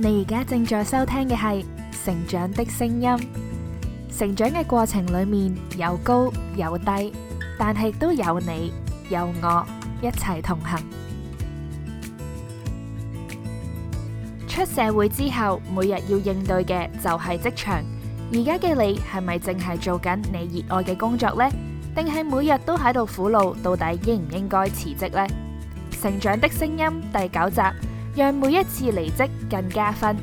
你而家正在收聽嘅係《成長的聲音》，成長嘅過程裏面有高有低，但係都有你有我一齊同行。出社會之後，每日要應對嘅就係職場。而家嘅你係咪淨係做緊你熱愛嘅工作呢？定係每日都喺度苦惱到底應唔應該辭職呢？《成長的聲音》第九集。讓每一次離職更加分，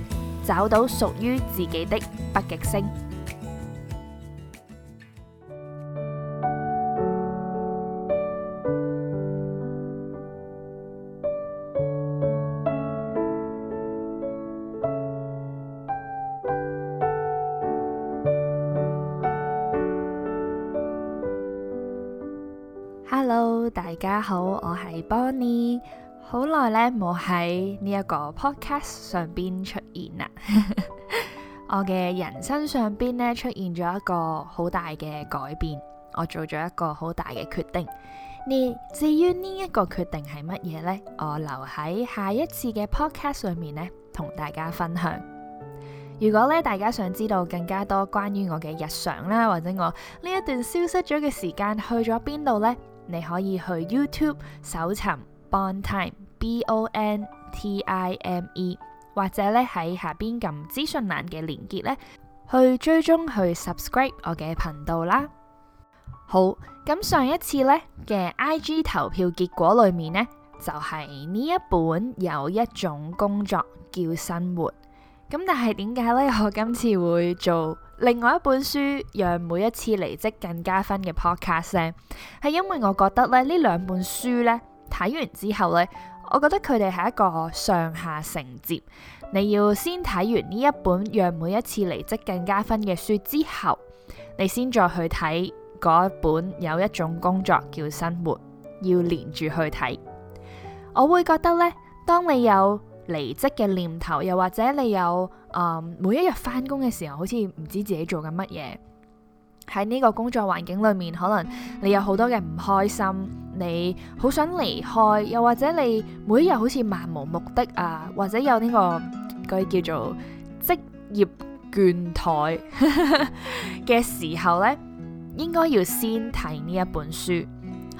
找到屬於自己的北極星。Hello，大家好，我係 Bonnie。好耐呢冇喺呢一個 podcast 上邊出現啦， 我嘅人生上邊呢，出現咗一個好大嘅改變，我做咗一個好大嘅決定。至於呢一個決定係乜嘢呢？我留喺下一次嘅 podcast 上面呢，同大家分享。如果咧大家想知道更加多關於我嘅日常啦，或者我呢一段消失咗嘅時間去咗邊度呢，你可以去 YouTube 搜尋。Bontime, B-O-N-T-I-M-E，或者咧喺下邊撳資訊欄嘅鏈接咧，去追蹤去 subscribe 我嘅頻道啦。好，咁，上一次咧嘅 IG 投票結果裏面呢，就係呢一本有一種工作叫生活咁。但係點解呢？我今次會做另外一本書，讓每一次離職更加分嘅 podcast，係因為我覺得咧呢兩本書呢。睇完之後呢，我覺得佢哋係一個上下承接，你要先睇完呢一本讓每一次離職更加分嘅書之後，你先再去睇嗰一本有一種工作叫生活，要連住去睇。我會覺得呢，當你有離職嘅念頭，又或者你有、嗯、每一日返工嘅時候，好似唔知自己做緊乜嘢，喺呢個工作環境裏面，可能你有好多嘅唔開心。你好想離開，又或者你每日好似漫無目的啊，或者有呢個嗰啲叫做職業倦怠嘅時候呢，應該要先睇呢一本書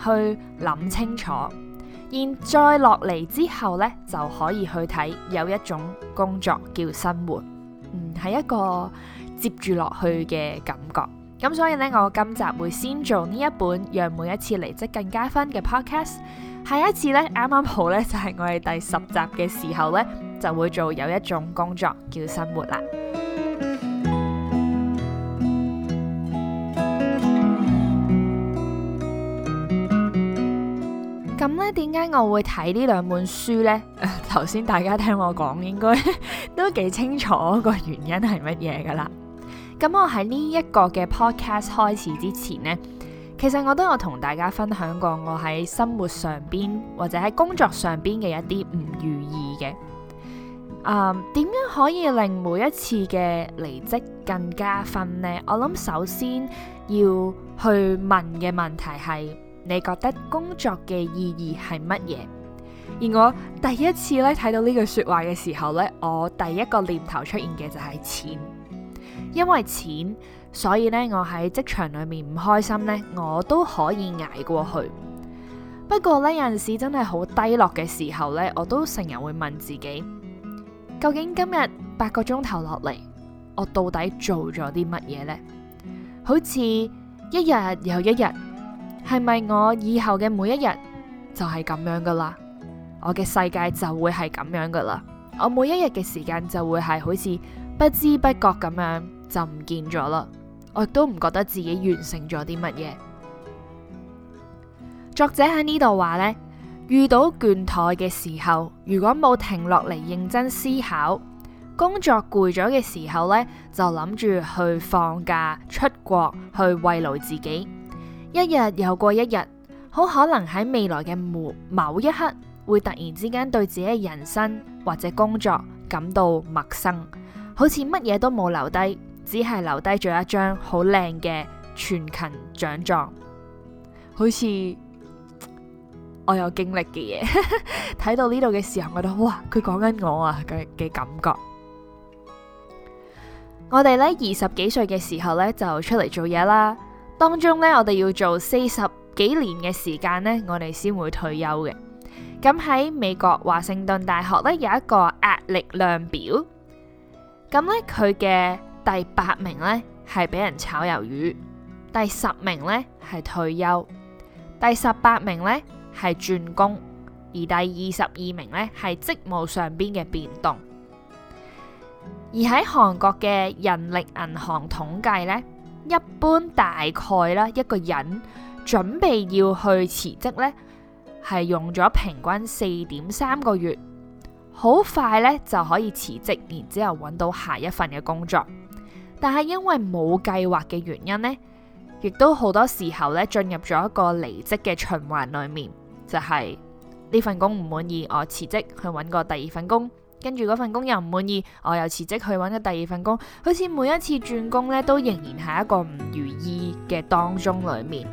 去諗清楚，然後再落嚟之後呢，就可以去睇有一種工作叫生活，唔係一個接住落去嘅感覺。咁所以呢，我今集會先做呢一本讓每一次離職更加分嘅 podcast。下一次呢，啱啱好呢，就係我哋第十集嘅時候呢，就會做有一種工作叫生活啦。咁 呢點解我會睇呢兩本書呢？頭先 大家聽我講，應該都幾清楚個原因係乜嘢噶啦。咁我喺呢一個嘅 podcast 開始之前呢，其實我都有同大家分享過我喺生活上邊或者喺工作上邊嘅一啲唔如意嘅。誒，點樣可以令每一次嘅離職更加分呢？我諗首先要去問嘅問題係，你覺得工作嘅意義係乜嘢？而我第一次咧睇到呢句說話嘅時候咧，我第一個念頭出現嘅就係錢。因為錢，所以咧，我喺職場裏面唔開心呢，我都可以捱過去。不過呢，有陣時真係好低落嘅時候呢，我都成日會問自己，究竟今日八個鐘頭落嚟，我到底做咗啲乜嘢呢？好似一日又一日，係咪我以後嘅每一日就係咁樣噶啦？我嘅世界就會係咁樣噶啦？我每一日嘅時間就會係好似不知不覺咁樣。就唔見咗啦。我亦都唔覺得自己完成咗啲乜嘢。作者喺呢度話呢，遇到倦怠嘅時候，如果冇停落嚟認真思考，工作攰咗嘅時候呢，就諗住去放假、出國去慰勞自己。一日又過一日，好可能喺未來嘅某某一刻會突然之間對自己嘅人生或者工作感到陌生，好似乜嘢都冇留低。只係留低咗一張好靚嘅全勤獎狀，好似我有經歷嘅嘢。睇 到呢度嘅時候，我覺得哇，佢講緊我啊，嘅嘅感覺。我哋呢，二十幾歲嘅時候呢，就出嚟做嘢啦，當中呢，我哋要做四十幾年嘅時間呢，我哋先會退休嘅。咁喺美國華盛頓大學呢，有一個壓力量表，咁呢，佢嘅。第八名呢，係俾人炒魷魚，第十名呢，係退休，第十八名呢，係轉工，而第二十二名呢，係職務上邊嘅變動。而喺韓國嘅人力銀行統計呢，一般大概啦，一個人準備要去辭職呢，係用咗平均四點三個月，好快呢，就可以辭職，然之後搵到下一份嘅工作。但係因為冇計劃嘅原因呢，亦都好多時候咧，進入咗一個離職嘅循環裏面，就係呢份工唔滿意，我辭職去搵個第二份工，跟住嗰份工又唔滿意，我又辭職去搵咗第二份工，好似每一次轉工呢，都仍然係一個唔如意嘅當中裏面。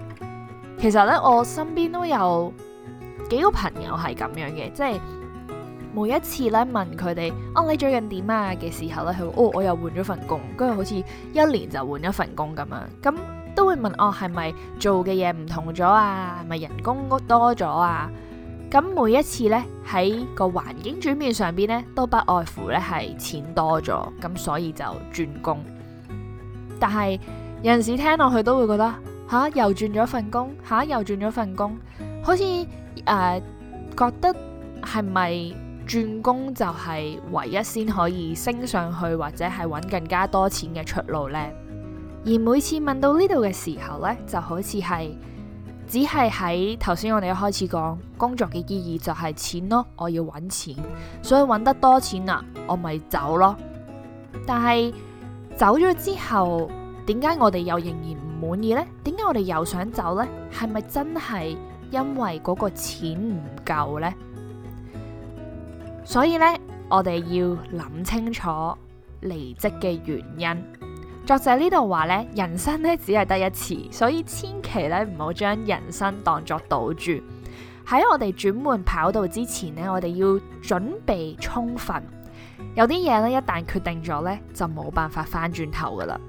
其實呢，我身邊都有幾個朋友係咁樣嘅，即係。每一次咧問佢哋哦，你最近點啊？嘅時候咧，佢哦我又換咗份工，跟住好似一年就換咗份工咁樣，咁都會問我係咪做嘅嘢唔同咗啊？係咪人工多咗啊？咁每一次咧喺個環境轉變上邊咧，都不外乎咧係錢多咗，咁所以就轉工。但係有陣時聽落去都會覺得，吓又轉咗份工，吓又轉咗份工，好似誒覺得係咪？轉工就係唯一先可以升上去或者係揾更加多錢嘅出路呢。而每次問到呢度嘅時候呢，就好似係只係喺頭先我哋一開始講工作嘅意義就係錢咯，我要揾錢，所以揾得多錢啊，我咪走咯。但係走咗之後，點解我哋又仍然唔滿意呢？點解我哋又想走呢？係咪真係因為嗰個錢唔夠呢？所以呢，我哋要諗清楚離職嘅原因。作者呢度話咧，人生咧只係得一次，所以千祈咧唔好將人生當作賭注。喺我哋轉換跑道之前呢，我哋要準備充分。有啲嘢呢，一旦決定咗呢，就冇辦法翻轉頭噶啦。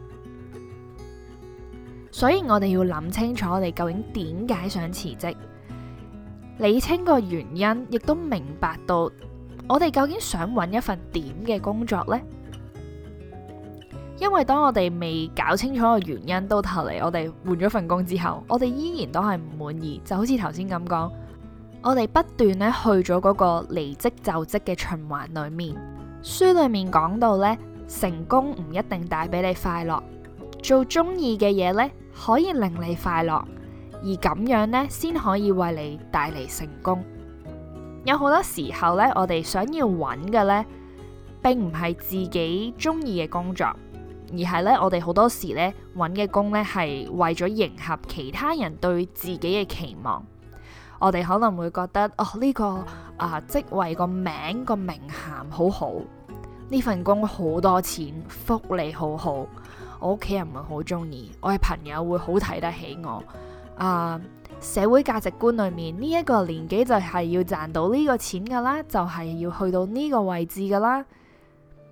所以我哋要諗清楚，我哋究竟點解想辭職，理清個原因，亦都明白到。我哋究竟想揾一份點嘅工作呢？因為當我哋未搞清楚個原因，到頭嚟我哋換咗份工之後，我哋依然都係唔滿意。就好似頭先咁講，我哋不斷呢去咗嗰個離職就職嘅循環裏面。書裏面講到呢，成功唔一定帶俾你快樂，做中意嘅嘢呢，可以令你快樂，而咁樣呢，先可以為你帶嚟成功。有好多時候咧，我哋想要揾嘅咧，並唔係自己中意嘅工作，而係咧我哋好多時咧揾嘅工咧係為咗迎合其他人對自己嘅期望。我哋可能會覺得哦呢、呢個啊職、呃、位個名個名銜好好，呢份工好多錢，福利好好，我屋企人唔係好中意，我嘅朋友會好睇得起我啊。呃社會價值觀裏面，呢一個年紀就係要賺到呢個錢㗎啦，就係要去到呢個位置㗎啦。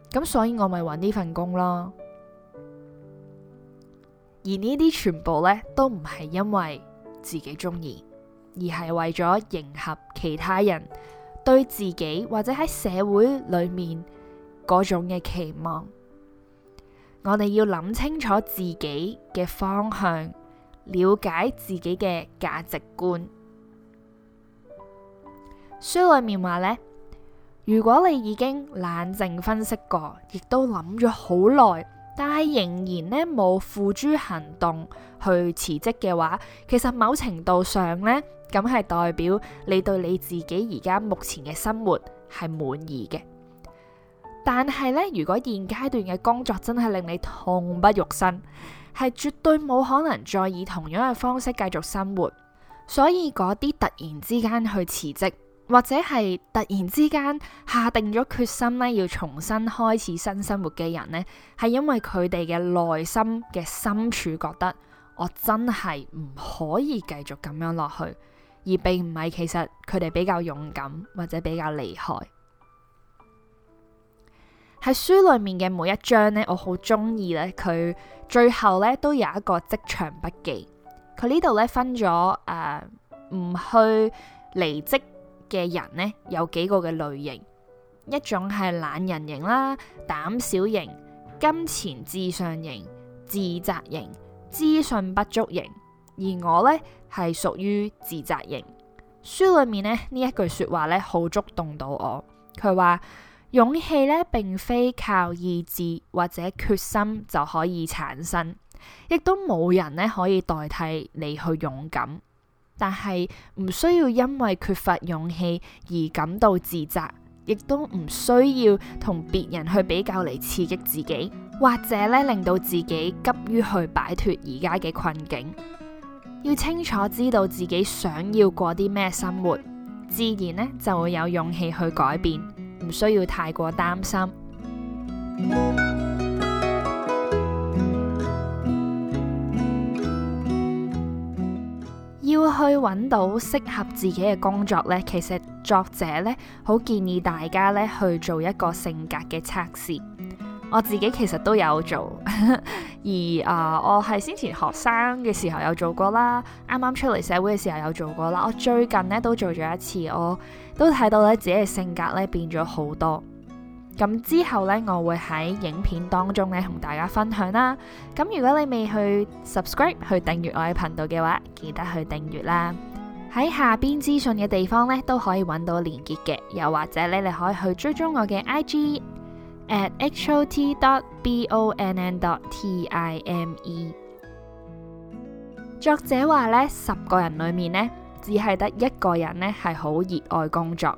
咁所以，我咪揾呢份工咯。而呢啲全部呢，都唔係因為自己中意，而係為咗迎合其他人對自己或者喺社會裏面嗰種嘅期望。我哋要諗清楚自己嘅方向。了解自己嘅價值觀。書裏面話呢，如果你已經冷靜分析過，亦都諗咗好耐，但係仍然呢冇付諸行動去辭職嘅話，其實某程度上呢，咁係代表你對你自己而家目前嘅生活係滿意嘅。但係呢，如果現階段嘅工作真係令你痛不欲生，係絕對冇可能再以同樣嘅方式繼續生活，所以嗰啲突然之間去辭職或者係突然之間下定咗決心呢，要重新開始新生活嘅人呢，係因為佢哋嘅內心嘅深處覺得我真係唔可以繼續咁樣落去，而並唔係其實佢哋比較勇敢或者比較厲害。喺書裏面嘅每一章呢，我好中意咧，佢最後呢都有一個職場筆記。佢呢度咧分咗誒唔去離職嘅人呢，有幾個嘅類型，一種係懶人型啦、膽小型、金錢至上型、自責型、資訊不足型。而我呢，係屬於自責型。書裏面呢，呢一句說話呢，好觸動到我，佢話。勇氣呢，並非靠意志或者決心就可以產生，亦都冇人呢可以代替你去勇敢。但係唔需要因為缺乏勇氣而感到自責，亦都唔需要同別人去比較嚟刺激自己，或者呢令到自己急於去擺脫而家嘅困境。要清楚知道自己想要過啲咩生活，自然呢就會有勇氣去改變。唔需要太過擔心， 要去揾到適合自己嘅工作呢。其實作者呢，好建議大家呢去做一個性格嘅測試。我自己其實都有做 而，而、呃、啊，我係先前學生嘅時候有做過啦，啱啱出嚟社會嘅時候有做過啦。我最近呢都做咗一次，我都睇到咧自己嘅性格咧變咗好多。咁之後呢，我會喺影片當中咧同大家分享啦。咁如果你未去 subscribe 去訂閱我嘅頻道嘅話，記得去訂閱啦。喺下邊資訊嘅地方呢都可以揾到連結嘅，又或者你哋可以去追蹤我嘅 I G。at h o t dot b o n n dot t i m e。作者話呢，十個人裏面呢，只係得一個人呢係好熱愛工作，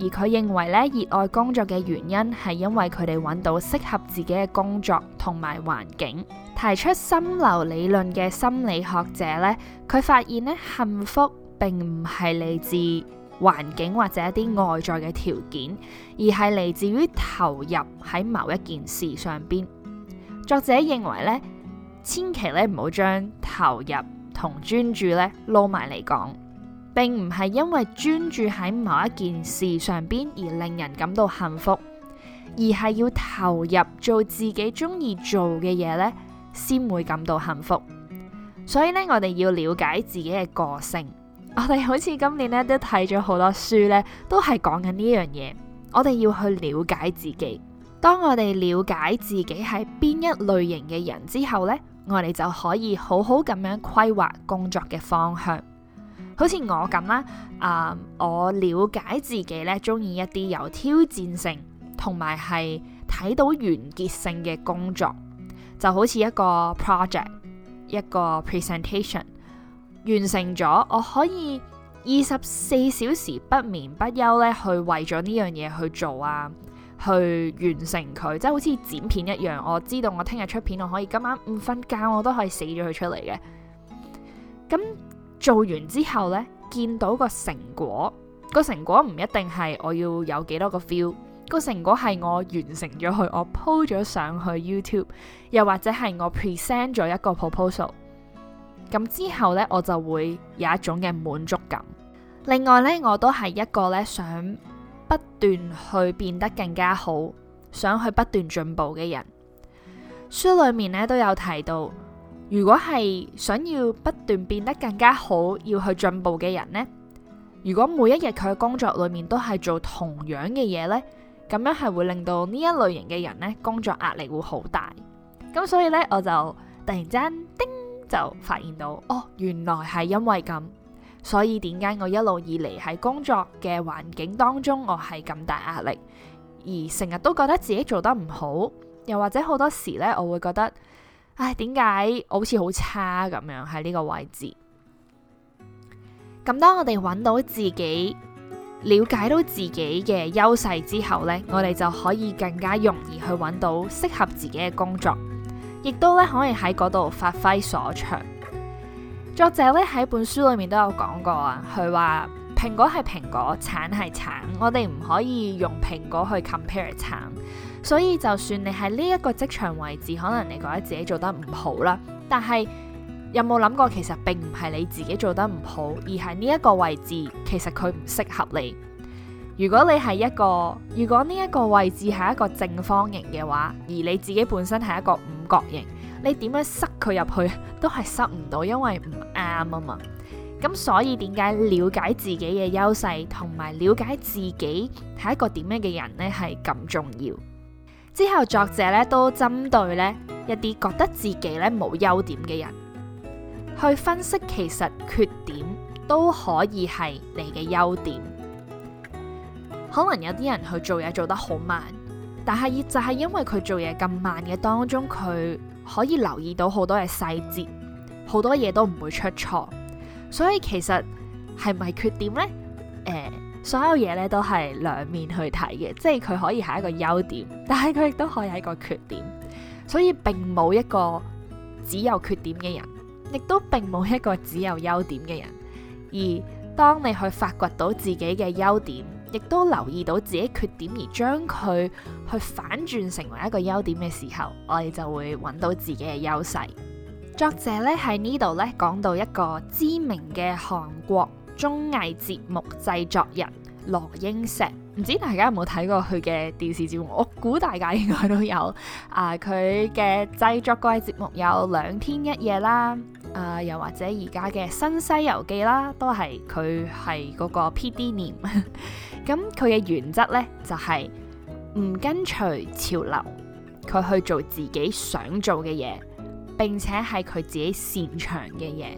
而佢認為呢，熱愛工作嘅原因係因為佢哋揾到適合自己嘅工作同埋環境。提出心流理論嘅心理學者呢，佢發現呢，幸福並唔係嚟自環境或者一啲外在嘅條件，而係嚟自於投入喺某一件事上邊。作者認為咧，千祈咧唔好將投入同專注咧撈埋嚟講，並唔係因為專注喺某一件事上邊而令人感到幸福，而係要投入做自己中意做嘅嘢咧，先會感到幸福。所以咧，我哋要了解自己嘅個性。我哋好似今年咧都睇咗好多書咧，都係講緊呢樣嘢。我哋要去了解自己。當我哋了解自己係邊一類型嘅人之後呢，我哋就可以好好咁樣規劃工作嘅方向。好似我咁啦，啊、嗯，我了解自己咧，中意一啲有挑戰性同埋係睇到完結性嘅工作，就好似一個 project，一個 presentation。完成咗，我可以二十四小時不眠不休咧，去為咗呢樣嘢，去做啊，去完成佢，即係好似剪片一樣。我知道我聽日出片，我可以今晚唔瞓覺，我都可以死咗佢出嚟嘅。咁做完之後呢，見到個成果，個成果唔一定係我要有幾多個 feel，個成果係我完成咗佢，我鋪咗上去 YouTube，又或者係我 present 咗一個 proposal。咁之後呢，我就會有一種嘅滿足感。另外呢，我都係一個呢想不斷去變得更加好，想去不斷進步嘅人。書裏面呢都有提到，如果係想要不斷變得更加好，要去進步嘅人呢，如果每一日佢嘅工作裏面都係做同樣嘅嘢呢，咁樣係會令到呢一類型嘅人呢工作壓力會好大。咁所以呢，我就突然間，叮。就發現到哦，原來係因為咁，所以點解我一路以嚟喺工作嘅環境當中，我係咁大壓力，而成日都覺得自己做得唔好，又或者好多時呢，我會覺得，唉、哎，點解我好似好差咁樣喺呢個位置？咁當我哋揾到自己，了解到自己嘅優勢之後呢，我哋就可以更加容易去揾到適合自己嘅工作。亦都咧可以喺嗰度發揮所長。作者咧喺本書裏面都有講過啊，佢話蘋果係蘋果，橙係橙，我哋唔可以用蘋果去 compare 橙。所以就算你喺呢一個職場位置，可能你覺得自己做得唔好啦，但係有冇諗過其實並唔係你自己做得唔好，而係呢一個位置其實佢唔適合你？如果你係一個，如果呢一個位置係一個正方形嘅話，而你自己本身係一個五角形，你點樣塞佢入去都係塞唔到，因為唔啱啊嘛。咁所以點解了解自己嘅優勢同埋了解自己係一個點樣嘅人呢？係咁重要？之後作者咧都針對呢一啲覺得自己咧冇優點嘅人，去分析其實缺點都可以係你嘅優點。可能有啲人去做嘢做得好慢，但係就係因為佢做嘢咁慢嘅當中，佢可以留意到好多嘅細節，好多嘢都唔會出錯。所以其實係咪缺點呢？誒、呃，所有嘢咧都係兩面去睇嘅，即係佢可以係一個優點，但係佢亦都可以係一個缺點。所以並冇一個只有缺點嘅人，亦都並冇一個只有優點嘅人。而當你去發掘到自己嘅優點。亦都留意到自己缺點而將佢去反轉成為一個優點嘅時候，我哋就會揾到自己嘅優勢。作者呢喺呢度呢講到一個知名嘅韓國綜藝節目製作人羅英石，唔知大家有冇睇過佢嘅電視節目？我估大家應該都有。啊、呃，佢嘅製作季嘅節目有《兩天一夜》啦，啊、呃，又或者而家嘅《新西遊記》啦，都係佢係嗰個 P. D. 念。 咁佢嘅原則呢，就係、是、唔跟隨潮流，佢去做自己想做嘅嘢，並且係佢自己擅長嘅嘢。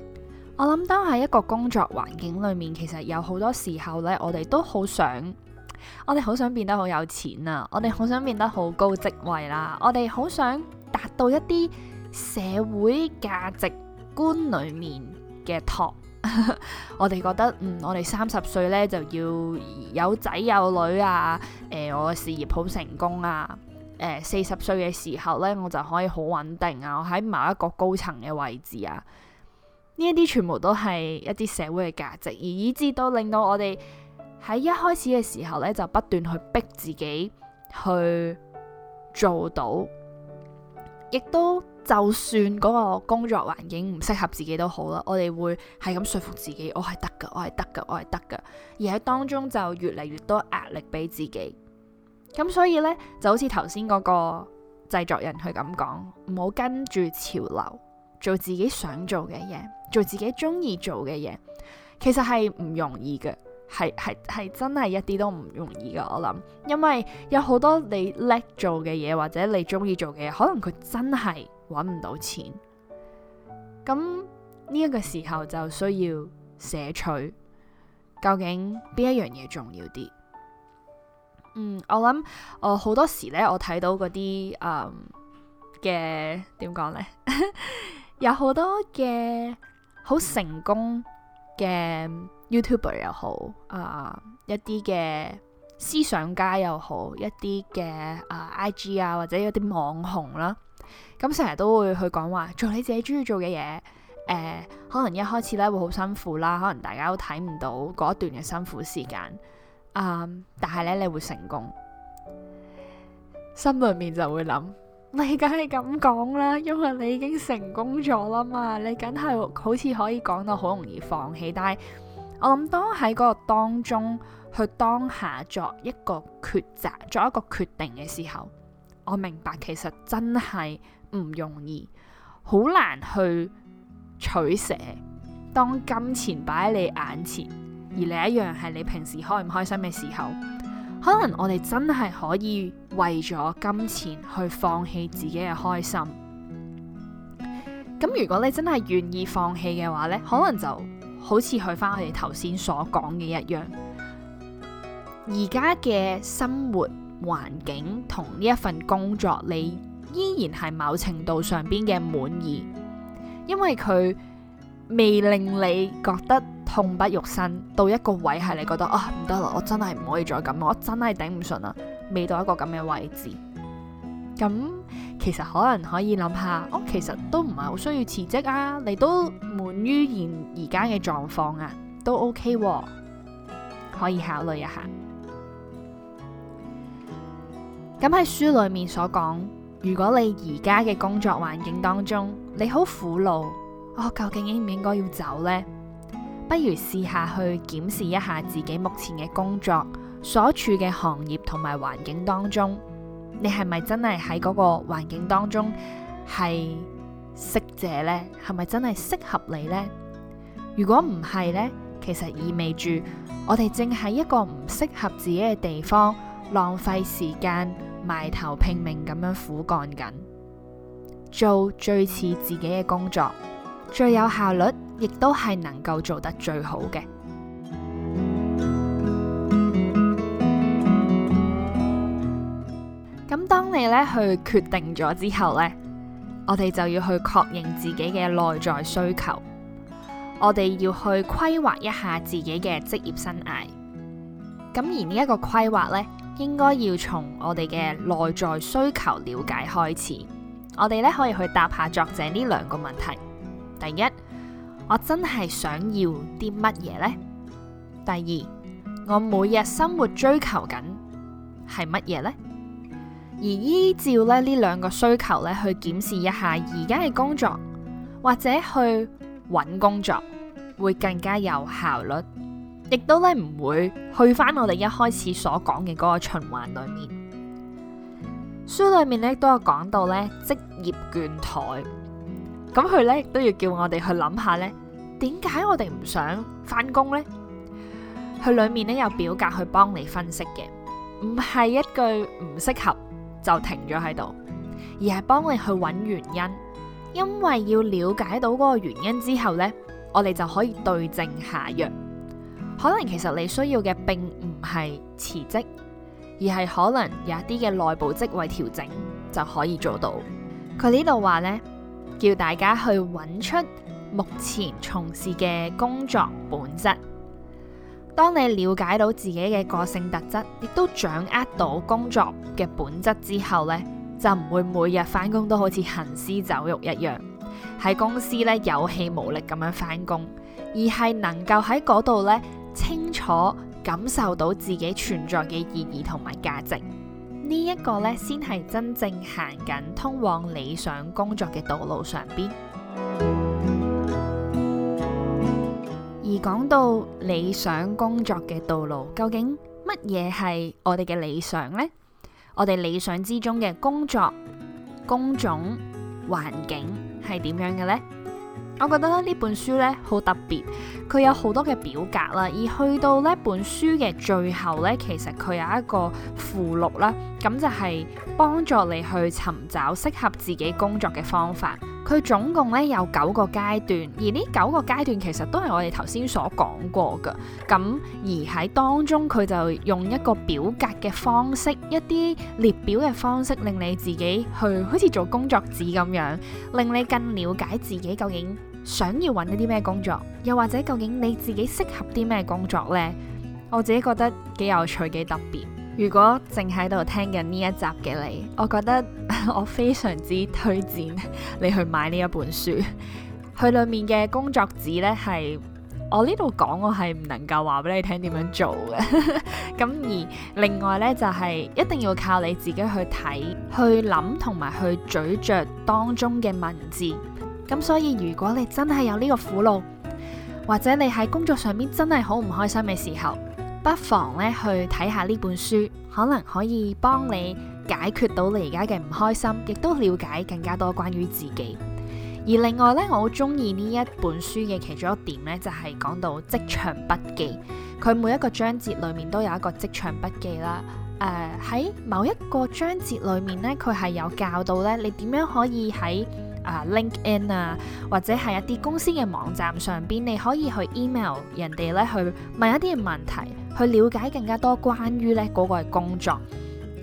我諗當喺一個工作環境裏面，其實有好多時候呢，我哋都好想，我哋好想變得好有錢啊，我哋好想變得好高職位啦、啊，我哋好想達到一啲社會價值觀裏面嘅托。 我哋覺得嗯，我哋三十歲呢，就要有仔有女啊，誒、呃，我嘅事業好成功啊，誒、呃，四十歲嘅時候呢，我就可以好穩定啊，我喺某一個高層嘅位置啊，呢一啲全部都係一啲社會嘅價值，而以至到令到我哋喺一開始嘅時候呢，就不斷去逼自己去做到，亦都。就算嗰個工作環境唔適合自己都好啦，我哋會係咁説服自己，我係得㗎，我係得㗎，我係得㗎。而喺當中就越嚟越多壓力俾自己。咁所以呢，就好似頭先嗰個製作人佢咁講，唔好跟住潮流，做自己想做嘅嘢，做自己中意做嘅嘢，其實係唔容易嘅，係係係真係一啲都唔容易嘅。我諗，因為有好多你叻做嘅嘢，或者你中意做嘅嘢，可能佢真係。揾唔到錢，咁呢一個時候就需要捨取，究竟邊一樣嘢重要啲？嗯，我諗我好多時呢，我睇到嗰啲誒嘅點講呢， 有好多嘅好成功嘅 YouTuber 又好啊、呃，一啲嘅。思想家又好，一啲嘅啊、呃、I G 啊，或者一啲網紅啦，咁成日都會去講話做你自己中意做嘅嘢。誒、呃，可能一開始咧會好辛苦啦，可能大家都睇唔到嗰段嘅辛苦時間啊、嗯，但係咧你會成功，心裏面就會諗，你梗係咁講啦，因為你已經成功咗啦嘛，你梗係好似可以講到好容易放棄，但係我諗當喺嗰個當中。去當下作一個抉擇，作一個決定嘅時候，我明白其實真係唔容易，好難去取捨。當金錢擺喺你眼前，而另一樣係你平時開唔開心嘅時候，可能我哋真係可以為咗金錢去放棄自己嘅開心。咁如果你真係願意放棄嘅話呢，可能就好似去翻我哋頭先所講嘅一樣。而家嘅生活環境同呢一份工作，你依然係某程度上邊嘅滿意，因為佢未令你覺得痛不欲生，到一個位係你覺得啊，唔得啦，我真係唔可以再咁，我真係頂唔順啦，未到一個咁嘅位置。咁，嗯，其實可能可以諗下，哦，其實都唔係好需要辭職啊，你都滿於現而家嘅狀況啊，都 OK，啊，可以考慮一下。咁喺書裏面所講，如果你而家嘅工作環境當中，你好苦惱，我、哦、究竟應唔應該要走呢？不如試下去檢視一下自己目前嘅工作所處嘅行業同埋環境當中，你係咪真係喺嗰個環境當中係適者呢？係咪真係適合你呢？如果唔係呢，其實意味住我哋正喺一個唔適合自己嘅地方浪費時間。埋頭拼命咁樣苦幹緊，做最似自己嘅工作，最有效率，亦都係能夠做得最好嘅。咁 當你咧去決定咗之後呢，我哋就要去確認自己嘅內在需求，我哋要去規劃一下自己嘅職業生涯。咁而呢一個規劃呢，應該要從我哋嘅內在需求了解開始，我哋咧可以去答下作者呢兩個問題：第一，我真係想要啲乜嘢呢？第二，我每日生活追求緊係乜嘢呢？而依照咧呢兩個需求咧去檢視一下而家嘅工作或者去揾工作，會更加有效率。亦都咧唔會去翻我哋一開始所講嘅嗰個循環裏面。書裏面咧都有講到咧職業倦怠，咁佢咧亦都要叫我哋去諗下咧，點解我哋唔想翻工呢？呢」佢裏面咧有表格去幫你分析嘅，唔係一句唔適合就停咗喺度，而係幫你去揾原因。因為要了解到嗰個原因之後咧，我哋就可以對症下藥。可能其實你需要嘅並唔係辭職，而係可能有一啲嘅內部職位調整就可以做到。佢呢度話呢，叫大家去揾出目前從事嘅工作本質。當你了解到自己嘅個性特質，亦都掌握到工作嘅本質之後呢，就唔會每日翻工都好似行屍走肉一樣。喺公司呢，有氣無力咁樣翻工，而係能夠喺嗰度呢。清楚感受到自己存在嘅意義同埋價值，這個、呢一個咧先係真正行緊通往理想工作嘅道路上邊。而講到理想工作嘅道路，究竟乜嘢係我哋嘅理想咧？我哋理想之中嘅工作工種環境係點樣嘅咧？我覺得呢本書咧好特別，佢有好多嘅表格啦。而去到呢本書嘅最後呢，其實佢有一個附錄啦，咁就係幫助你去尋找適合自己工作嘅方法。佢總共呢有九個階段，而呢九個階段其實都係我哋頭先所講過嘅。咁而喺當中，佢就用一個表格嘅方式，一啲列表嘅方式，令你自己去好似做工作紙咁樣，令你更了解自己究竟，想要揾一啲咩工作，又或者究竟你自己適合啲咩工作呢？我自己覺得幾有趣，幾特別。如果淨喺度聽緊呢一集嘅你，我覺得我非常之推薦你去買呢一本書。佢裏面嘅工作紙呢，係我呢度講，我係唔能夠話俾你聽點樣做嘅。咁 而另外呢，就係一定要靠你自己去睇、去諗同埋去咀嚼當中嘅文字。咁所以如果你真係有呢個苦惱，或者你喺工作上面真係好唔開心嘅時候，不妨咧去睇下呢本書，可能可以幫你解決到你而家嘅唔開心，亦都了解更加多關於自己。而另外咧，我好中意呢一本書嘅其中一點咧，就係講到職場筆記，佢每一個章節裏面都有一個職場筆記啦。誒、呃，喺某一個章節裏面呢，佢係有教到咧你點樣可以喺。啊 LinkedIn 啊，或者係一啲公司嘅網站上邊，你可以去 email 人哋咧，去問一啲嘅問題，去了解更加多關於咧嗰個嘅工作。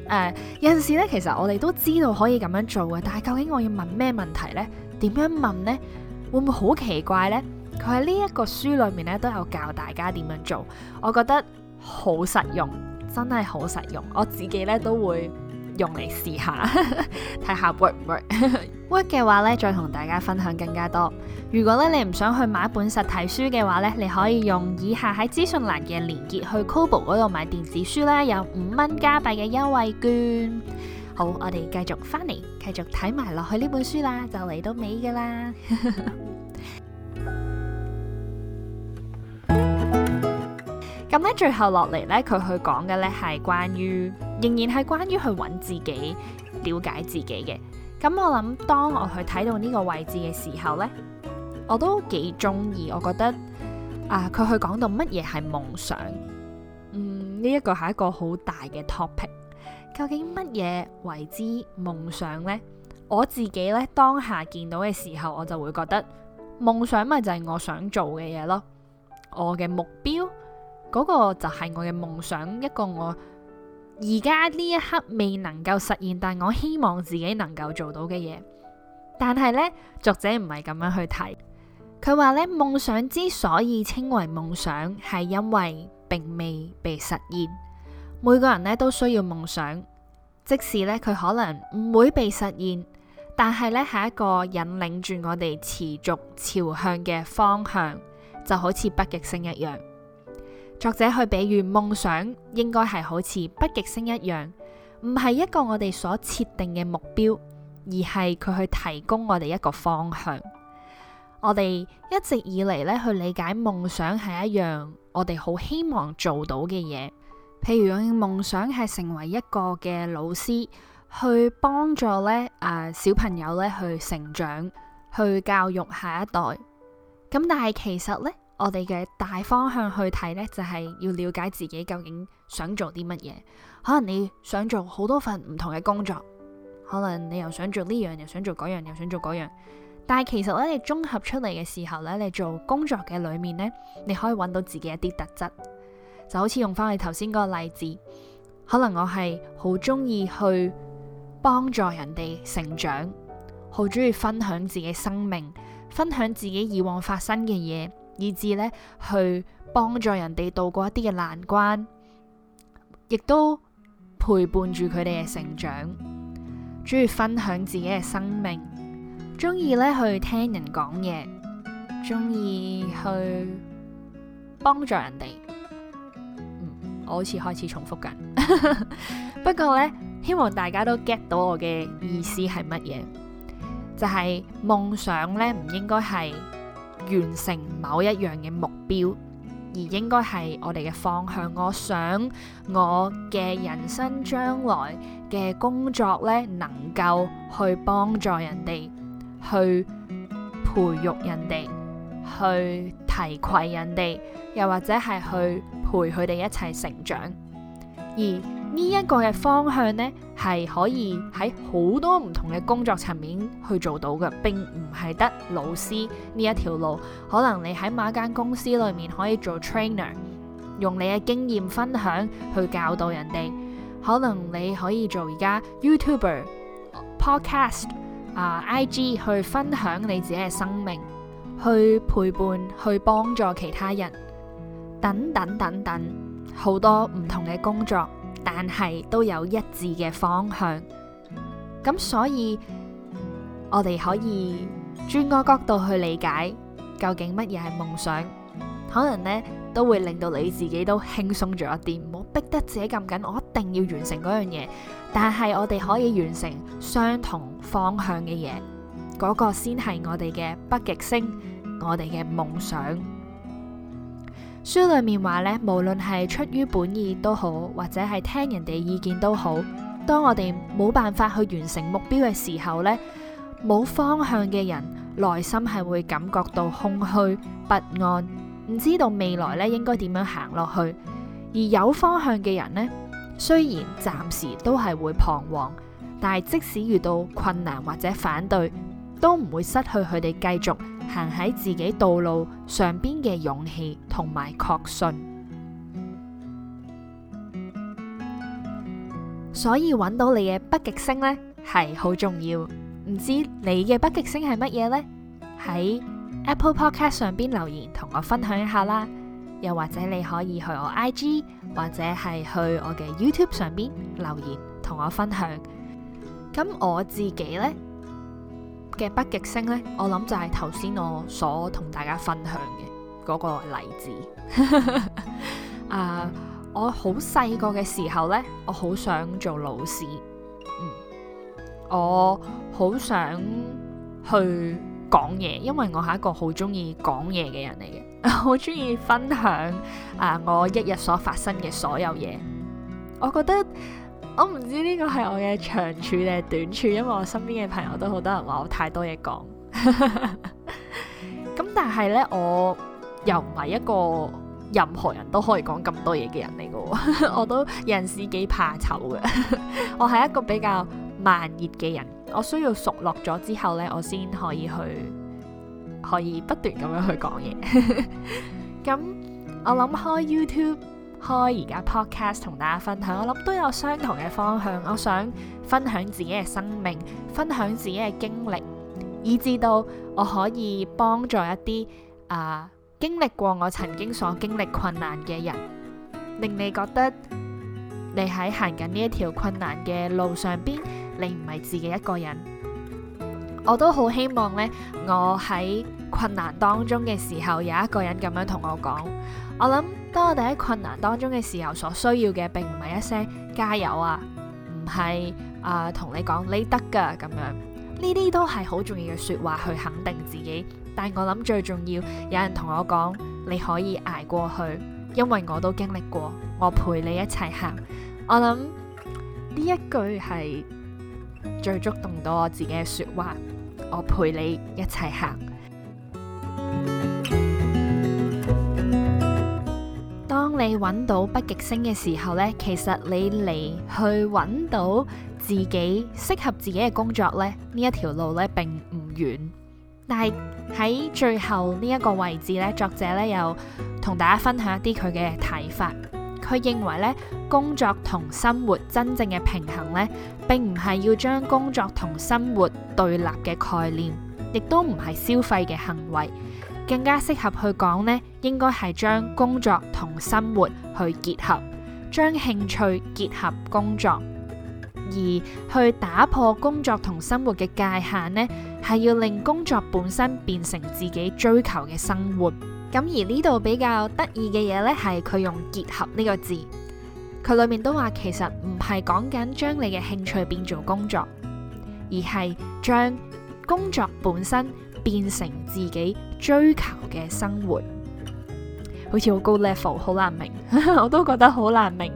誒、uh,，有陣時咧，其實我哋都知道可以咁樣做嘅，但係究竟我要問咩問題咧？點樣問咧？會唔會好奇怪咧？佢喺呢一個書裏面咧都有教大家點樣做，我覺得好實用，真係好實用。我自己咧都會。用嚟試下，睇下 work 唔 work。 work 嘅話呢，再同大家分享更加多。如果咧你唔想去買一本實體書嘅話呢，你可以用以下喺資訊欄嘅鏈接去 Kobo 嗰度買電子書啦，有五蚊加幣嘅優惠券。好，我哋繼續翻嚟，繼續睇埋落去呢本書啦，就嚟到尾噶啦。咁咧，最後落嚟呢，佢去講嘅呢係關於。仍然係關於去揾自己、了解自己嘅。咁我諗，當我去睇到呢個位置嘅時候呢，我都幾中意。我覺得啊，佢去講到乜嘢係夢想，嗯，呢一個係一個好大嘅 topic。究竟乜嘢為之夢想呢？我自己呢，當下見到嘅時候，我就會覺得夢想咪就係我想做嘅嘢咯。我嘅目標嗰個就係我嘅夢想，一個我。而家呢一刻未能夠實現，但我希望自己能夠做到嘅嘢。但係呢，作者唔係咁樣去睇，佢話呢，夢想之所以稱為夢想，係因為並未被實現。每個人呢都需要夢想，即使呢佢可能唔會被實現，但係呢係一個引領住我哋持續朝向嘅方向，就好似北極星一樣。作者去比喻夢想應該係好似北極星一樣，唔係一個我哋所設定嘅目標，而係佢去提供我哋一個方向。我哋一直以嚟咧去理解夢想係一樣，我哋好希望做到嘅嘢，譬如我嘅夢想係成為一個嘅老師，去幫助咧啊小朋友咧去成長，去教育下一代。咁但係其實咧。我哋嘅大方向去睇呢，就係要了解自己究竟想做啲乜嘢。可能你想做好多份唔同嘅工作，可能你又想做呢樣，又想做嗰樣，又想做嗰樣。但係其實呢，你綜合出嚟嘅時候呢，你做工作嘅裏面呢，你可以揾到自己一啲特質。就好似用翻我頭先嗰個例子，可能我係好中意去幫助人哋成長，好中意分享自己生命，分享自己以往發生嘅嘢。以至咧，去幫助人哋渡過一啲嘅難關，亦都陪伴住佢哋嘅成長，中意分享自己嘅生命，中意咧去聽人講嘢，中意去幫助人哋。嗯，我好似開始重複緊， 不過咧，希望大家都 get 到我嘅意思係乜嘢，就係、是、夢想咧唔應該係完成某一樣嘅目標，而應該係我哋嘅方向。我想我嘅人生將來嘅工作呢，能夠去幫助人哋，去培育人哋，去提攜人哋，又或者係去陪佢哋一齊成長。而呢一個嘅方向呢，係可以喺好多唔同嘅工作層面去做到嘅，並唔係得老師呢一條路。可能你喺某一間公司裏面可以做 trainer，用你嘅經驗分享去教導人哋；可能你可以做而家 YouTuber、Podcast 啊、uh、IG 去分享你自己嘅生命，去陪伴、去幫助其他人，等等等等，好多唔同嘅工作。但係都有一致嘅方向，咁所以我哋可以轉個角度去理解究竟乜嘢係夢想，可能呢都會令到你自己都輕鬆咗一啲，唔好逼得自己咁緊，我一定要完成嗰樣嘢。但係我哋可以完成相同方向嘅嘢，嗰個先係我哋嘅北極星，我哋嘅夢想。書裏面話咧，無論係出於本意都好，或者係聽人哋意見都好。當我哋冇辦法去完成目標嘅時候呢，冇方向嘅人內心係會感覺到空虛不安，唔知道未來咧應該點樣行落去。而有方向嘅人呢，雖然暫時都係會彷徨，但係即使遇到困難或者反對，都唔會失去佢哋繼續。行喺自己道路上邊嘅勇氣同埋確信，所以揾到你嘅北極星呢係好重要。唔知你嘅北極星係乜嘢呢？喺 Apple Podcast 上邊留言同我分享一下啦，又或者你可以去我 IG 或者係去我嘅 YouTube 上邊留言同我分享。咁我自己呢。嘅北極星呢，我諗就係頭先我所同大家分享嘅嗰個例子。啊、 uh,，我好細個嘅時候呢，我好想做老師，嗯、我好想去講嘢，因為我係一個好中意講嘢嘅人嚟嘅，好中意分享啊、uh, 我一日所發生嘅所有嘢，我覺得。我唔知呢個係我嘅長處定係短處，因為我身邊嘅朋友都好多人話我太多嘢講，咁但係呢，我又唔係一個任何人都可以講咁多嘢嘅人嚟嘅。 我都人事幾怕醜嘅， 我係一個比較慢熱嘅人，我需要熟絡咗之後呢，我先可以去可以不斷咁樣去講嘢，咁 我諗開 YouTube。開而家 podcast 同大家分享，我諗都有相同嘅方向。我想分享自己嘅生命，分享自己嘅經歷，以至到我可以幫助一啲啊、呃、經歷過我曾經所經歷困難嘅人，令你覺得你喺行緊呢一條困難嘅路上邊，你唔係自己一個人。我都好希望呢，我喺困難當中嘅時候，有一個人咁樣同我講，我諗。當我哋喺困難當中嘅時候，所需要嘅並唔係一些「加油啊」，唔係啊同你講你得噶，咁樣，呢啲都係好重要嘅說話去肯定自己。但我諗最重要，有人同我講你可以捱過去，因為我都經歷過，我陪你一齊行。我諗呢一句係最觸動到我自己嘅說話，我陪你一齊行。當你揾到北極星嘅時候呢，其實你嚟去揾到自己適合自己嘅工作呢，呢一條路呢並唔遠。但係喺最後呢一個位置呢，作者呢又同大家分享一啲佢嘅睇法。佢認為呢，工作同生活真正嘅平衡呢，並唔係要將工作同生活對立嘅概念，亦都唔係消費嘅行為。更加適合去講咧，應該係將工作同生活去結合，將興趣結合工作，而去打破工作同生活嘅界限咧，係要令工作本身變成自己追求嘅生活。咁而呢度比較得意嘅嘢咧，係佢用結合呢個字，佢裏面都話其實唔係講緊將你嘅興趣變做工作，而係將工作本身變成自己。追求嘅生活，好似好高 level，好難明， 我都覺得好難明。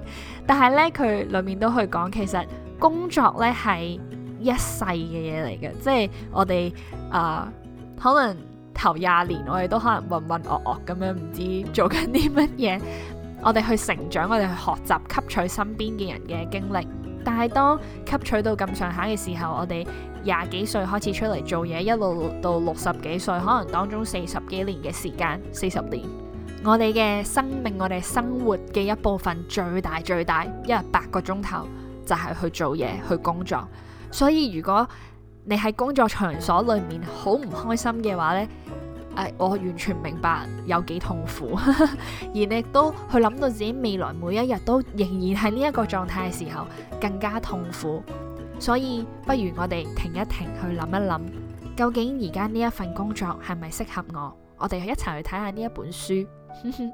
但係呢，佢裏面都去講，其實工作呢係一世嘅嘢嚟嘅，即係我哋啊、呃，可能頭廿年我哋都可能渾渾噩噩咁樣，唔知做緊啲乜嘢。我哋去成長，我哋去學習，吸取身邊嘅人嘅經歷。但係當吸取到咁上下嘅時候，我哋。廿幾歲開始出嚟做嘢，一路到六十幾歲，可能當中四十幾年嘅時間，四十年，我哋嘅生命，我哋生活嘅一部分最大最大，一日八個鐘頭就係去做嘢去工作。所以如果你喺工作場所裏面好唔開心嘅話呢，呃，我完全明白有幾痛苦， 而你都去諗到自己未來每一日都仍然係呢一個狀態嘅時候，更加痛苦。所以，不如我哋停一停，去諗一諗，究竟而家呢一份工作係咪適合我？我哋一齊去睇下呢一本書。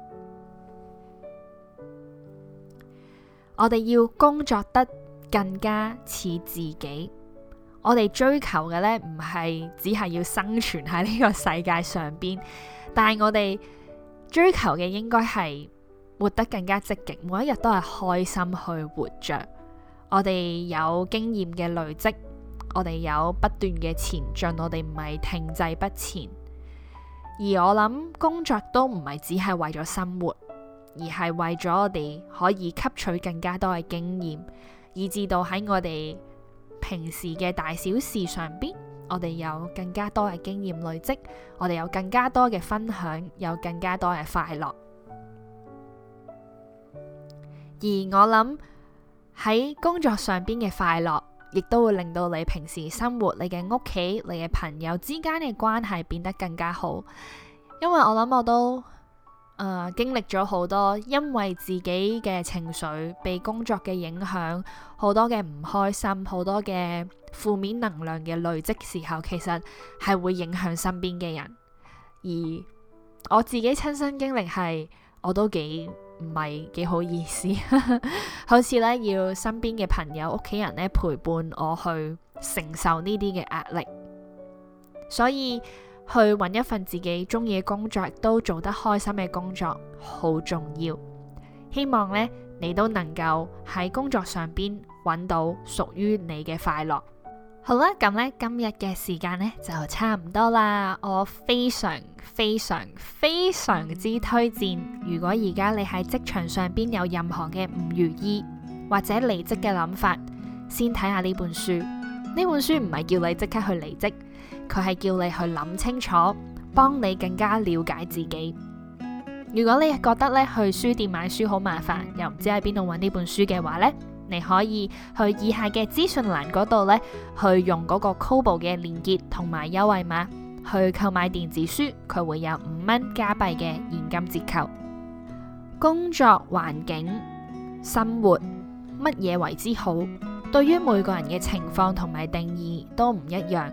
我哋要工作得更加似自己。我哋追求嘅咧，唔係只係要生存喺呢個世界上邊，但係我哋追求嘅應該係活得更加積極，每一日都係開心去活着。我哋有經驗嘅累積，我哋有不斷嘅前進，我哋唔係停滯不前。而我諗工作都唔係只係為咗生活，而係為咗我哋可以吸取更加多嘅經驗，以至到喺我哋平時嘅大小事上邊，我哋有更加多嘅經驗累積，我哋有更加多嘅分享，有更加多嘅快樂。而我諗。喺工作上邊嘅快樂，亦都會令到你平時生活、你嘅屋企、你嘅朋友之間嘅關係變得更加好。因為我諗我都誒、呃、經歷咗好多，因為自己嘅情緒被工作嘅影響，好多嘅唔開心，好多嘅負面能量嘅累積時候，其實係會影響身邊嘅人。而我自己親身經歷係，我都幾。唔係幾好意思。 好呢，好似咧，要身邊嘅朋友、屋企人咧陪伴我去承受呢啲嘅壓力，所以去搵一份自己中意嘅工作、都做得開心嘅工作好重要。希望呢，你都能夠喺工作上邊搵到屬於你嘅快樂。好啦，咁呢今日嘅時間呢就差唔多啦。我非常非常非常之推薦，如果而家你喺職場上邊有任何嘅唔如意或者離職嘅諗法，先睇下呢本書。呢本書唔係叫你即刻去離職，佢係叫你去諗清楚，幫你更加了解自己。如果你覺得咧去書店買書好麻煩，又唔知喺邊度搵呢本書嘅話呢。你可以去以下嘅資訊欄嗰度呢，去用嗰個 Kobo 嘅鏈接同埋優惠碼去購買電子書，佢會有五蚊加幣嘅現金折扣。工作環境、生活乜嘢為之好，對於每個人嘅情況同埋定義都唔一樣，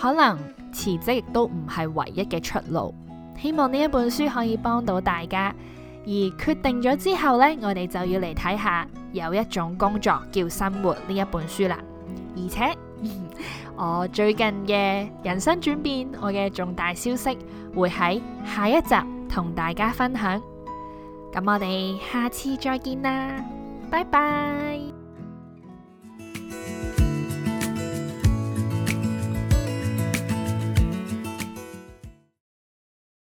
可能辭職亦都唔係唯一嘅出路。希望呢一本書可以幫到大家。而決定咗之後呢，我哋就要嚟睇下。有一種工作叫生活，呢一本書啦，而且 我最近嘅人生轉變，我嘅重大消息會喺下一集同大家分享。咁我哋下次再見啦，拜拜。